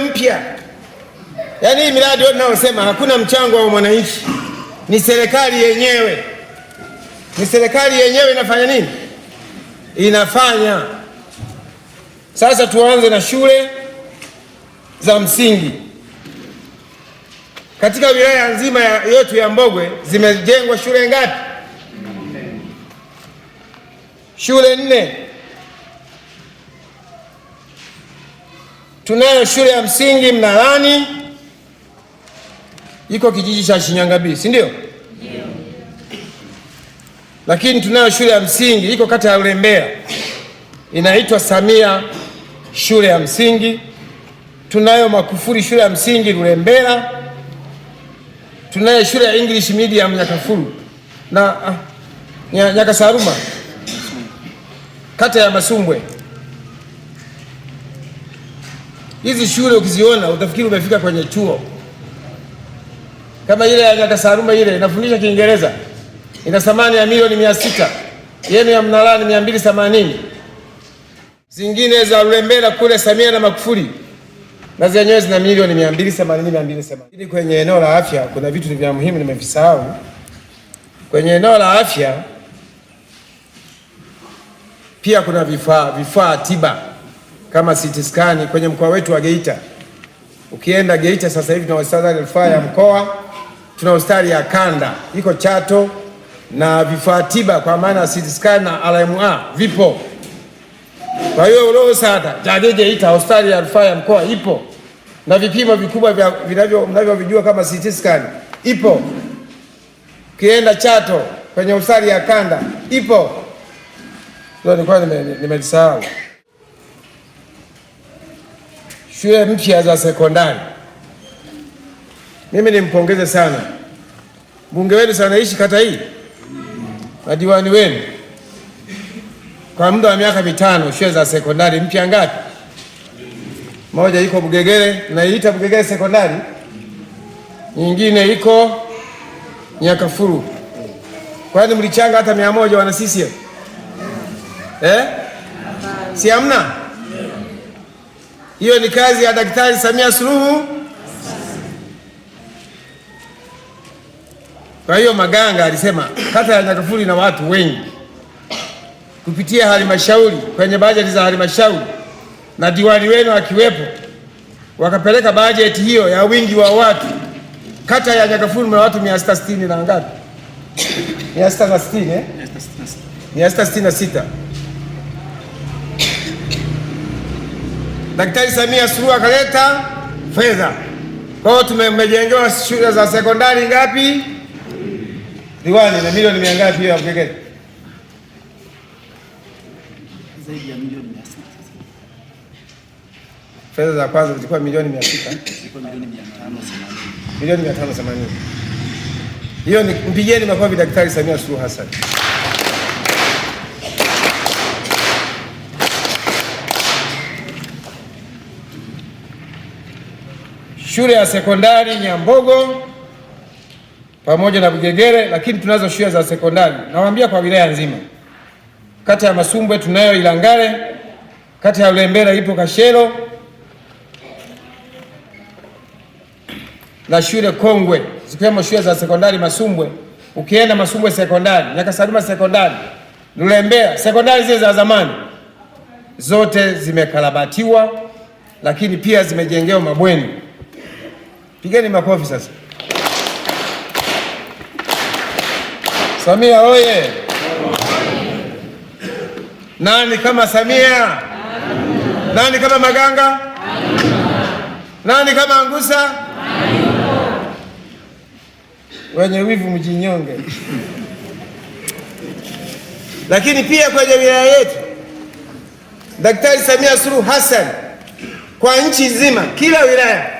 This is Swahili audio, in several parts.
mpya. Yaani hii miradi yote nayosema hakuna mchango wa mwananchi, ni serikali yenyewe, ni serikali yenyewe inafanya nini? Inafanya. Sasa tuanze na shule za msingi katika wilaya nzima yetu ya Mbogwe zimejengwa shule ngapi? Shule nne. Tunayo shule ya msingi Mnalani, iko kijiji cha Shinyanga B, si ndio? Lakini tunayo shule ya msingi iko kata ya urembea inaitwa Samia shule ya msingi. Tunayo Makufuri shule ya msingi rurembea Tunayo shule ya English medium Nyakafuru na ah, Nyakasaruma kata ya Masumbwe. Hizi shule ukiziona utafikiri umefika kwenye chuo. Kama ile ya Nyakasaruma ile inafundisha Kiingereza ina thamani ya milioni mia sita yenu ya Mnalani mia mbili themanini zingine za Ulembela kule Samia na Magufuli na zenyewe zina milioni mia mbili themanini mia mbili themanini Kwenye eneo la afya kuna vitu vya muhimu nimevisahau. Kwenye eneo la afya pia kuna vifaa vifaa tiba kama CT scan kwenye mkoa wetu wa Geita. Ukienda Geita sasa hivi tuna hospitali rufaa ya mkoa, tuna hospitali ya kanda iko Chato, na vifaa tiba kwa maana CT scan na RMA vipo. Kwa hiyo uliosada jadi Geita, hospitali ya rufaa ya mkoa ipo na vipimo vikubwa vinavyo mnavyovijua kama CT scan ipo. Ukienda Chato kwenye hospitali ya kanda ipo. Ndio nilikuwa nimelisahau nime shule mpya za sekondari. Mimi nimpongeze sana mbunge wenu sanaishi kata hii na diwani wenu kwa muda wa miaka mitano, shule za sekondari mpya ngapi? Moja iko Bugegere, naiita Bugegere sekondari, nyingine iko Nyakafuru. Kwani mlichanga hata mia moja wana CCM eh? si amna hiyo ni kazi ya Daktari Samia Suluhu. Kwa hiyo Maganga alisema kata ya Nyakafuli na watu wengi kupitia halmashauri kwenye bajeti za halmashauri na diwani wenu akiwepo, wakapeleka bajeti hiyo ya wingi wa watu. Kata ya Nyakafuli na watu mia na ngapi? mia eh? sitini mia Daktari Samia Suluhu akaleta fedha. Kwa hiyo tumejengewa shule za sekondari ngapi? Diwani, na milioni mia ngapi hiyo Zaidi ya milioni Fedha za kwanza zilikuwa milioni mia sita, milioni mia tano themanini. Hiyo ni mpigeni makofi Daktari Samia Suluhu Hassan. shule ya sekondari Nyambogo pamoja na Bugegere, lakini tunazo shule za sekondari nawaambia kwa wilaya nzima. Kata ya Masumbwe tunayo Ilangale, kata ya Ulembera ipo Kashero na shule kongwe zikiwemo shule za sekondari Masumbwe. Ukienda Masumbwe sekondari, Nyakasaluma sekondari, Lulembea sekondari, zile za zamani zote zimekarabatiwa, lakini pia zimejengewa mabweni. Pigeni makofi sasa. Samia oye! Nani kama Samia? Nani kama Maganga? Nani kama Angusa? Wenye wivu mjinyonge. Lakini pia kwenye wilaya yetu Daktari Samia Suluhu Hassan kwa nchi nzima, kila wilaya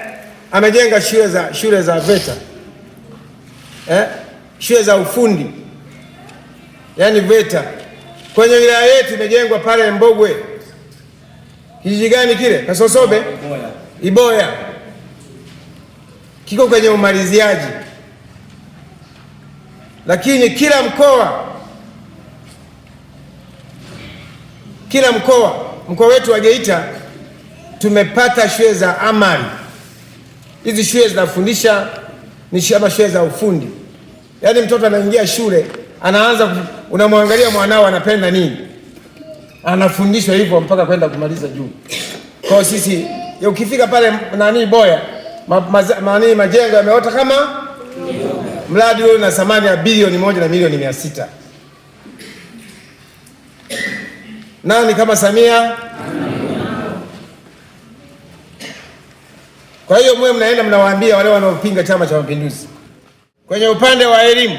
amejenga shule za shule za VETA eh, shule za ufundi yani VETA kwenye wilaya yetu imejengwa pale Mbogwe, kijiji gani kile, Kasosobe Iboya, kiko kwenye umaliziaji, lakini kila mkoa kila mkoa mkoa wetu wa Geita tumepata shule za amali Hizi shule zinafundisha ni shamba shule za ufundi, yaani mtoto anaingia shule anaanza, unamwangalia mwanao anapenda nini, anafundishwa hivyo mpaka kwenda kumaliza juu. Kwa sisi ukifika pale nani boya ma, ma, ma, nani majengo yameota kama mradi huo na thamani ya bilioni moja na milioni mia sita. Nani kama Samia? Kwa hiyo mwe mnaenda mnawaambia wale wanaopinga Chama cha Mapinduzi, kwenye upande wa elimu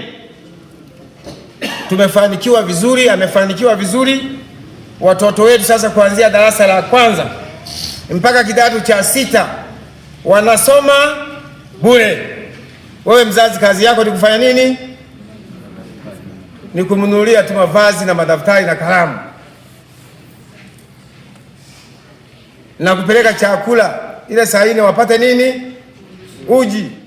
tumefanikiwa vizuri, amefanikiwa vizuri watoto wetu sasa kuanzia darasa la kwanza mpaka kidato cha sita wanasoma bure. Wewe mzazi, kazi yako ni kufanya nini? Ni kumnunulia tu mavazi na madaftari na kalamu na kupeleka chakula ile saa nne wapate nini? Uji.